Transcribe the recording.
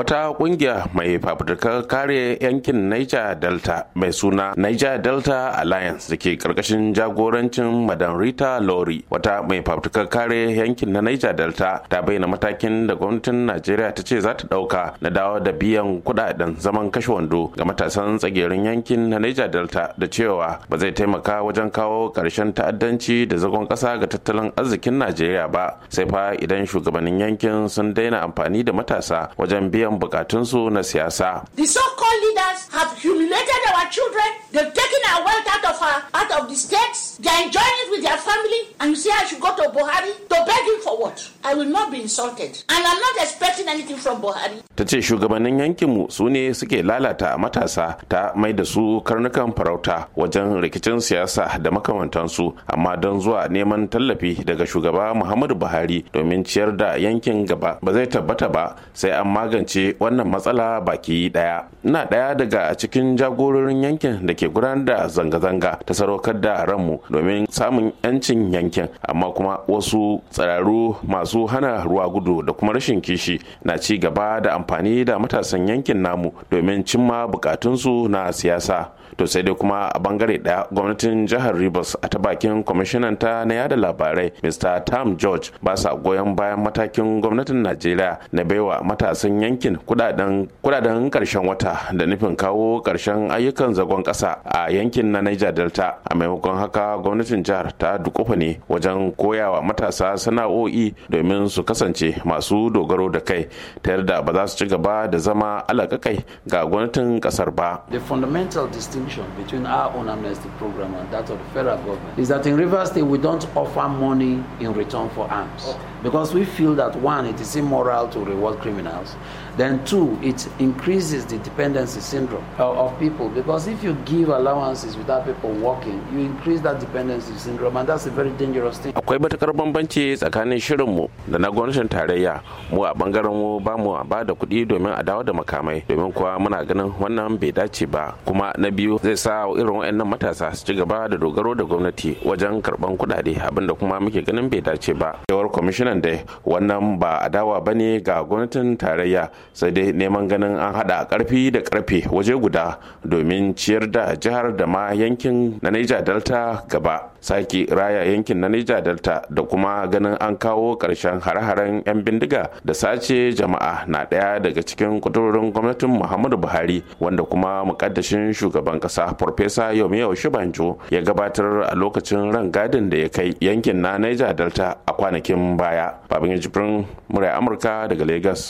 wata kungiya mai fafutukar kare yankin niger delta mai suna niger delta alliance da ke karkashin jagorancin madam rita lori wata mai fafutukar kare yankin na niger delta ta bayyana matakin da gwamnatin najeriya ta ce za ta dauka na dawo da biyan kudaden zaman kashe wando ga matasan tsagerin yankin na niger delta da cewa ba zai taimaka wajen kawo karshen ta'addanci da zagon kasa ga tattalin arzikin najeriya ba sai fa idan shugabannin yankin sun daina amfani da matasa wajen biyan biyan bukatunsu na siyasa. The so-called leaders have humiliated our children. They've taken our wealth out of our out of the states. They're enjoying it with their family. And you say I should go to Buhari to beg him for what? I will not be insulted. And I'm not expecting anything from Buhari. Ta ce shugabannin yankinmu su ne suke lalata matasa ta mai da su karnukan farauta wajen rikicin siyasa da makamantansu amma don zuwa neman tallafi daga shugaba Muhammadu Buhari domin ciyar da yankin gaba ba zai tabbata ba sai an magance wannan matsala baki daya. Ina daya daga cikin jagororin sauran yankin da ke gudanar da zanga-zanga ta sarokar da ranmu domin samun 'yancin yankin amma kuma wasu tsararru masu hana ruwa gudu da kuma rashin kishi na ci gaba da amfani da matasan yankin namu domin cimma bukatunsu na siyasa to sai dai kuma a bangare daya gwamnatin jihar rivers a ta bakin kwamishinan ta na yada labarai mr tam george ba sa goyon bayan matakin gwamnatin najeriya na baiwa matasan yankin kudaden karshen wata da nufin kawo karshen ayyuka zagon a yankin na Niger Delta a maimakon haka gwamnatin jihar ta dukufa ne wajen koyawa matasa sana'o'i domin su kasance masu dogaro da kai ta yarda ba za su ci gaba da zama alakakai ga gwamnatin ba. The fundamental distinction between our own amnesty program and that of the federal government is that in Rivers State we don't offer money in return for arms because we feel that one it is immoral to reward criminals then, two, it increases the dependency syndrome of people because if you give allowances without people working, you increase that dependency syndrome, and that's a very dangerous thing. Akwai matakar bambanci tsakanin shirinmu da na gwamnatin tarayya mu a ba mu ba da kuɗi domin a dawo da makamai domin kuwa muna ganin wannan bai dace ba kuma na biyu zai sa irin matasa su ci gaba da dogaro da gwamnati wajen karɓan kuɗaɗe abinda kuma muke ganin bai dace ba. Cewar kwamishinan dai wannan ba adawa ga gwamnatin tarayya sai dai neman ganin an hada karfi da karfe waje guda domin ciyar da jihar da ma yankin na Niger Delta gaba Saki, raya yankin na Niger Delta da kuma ganin an kawo karshen hare-haren 'yan bindiga da sace jama'a na ɗaya daga cikin kudurorin gwamnatin Muhammadu Buhari wanda kuma mukaddashin shugaban kasa Farfesa Yomi Shibanjo ya gabatar a lokacin rangadin da ya kai yankin na Niger Delta a kwanakin baya. Babin Jibrin Murai Amurka daga Lagos.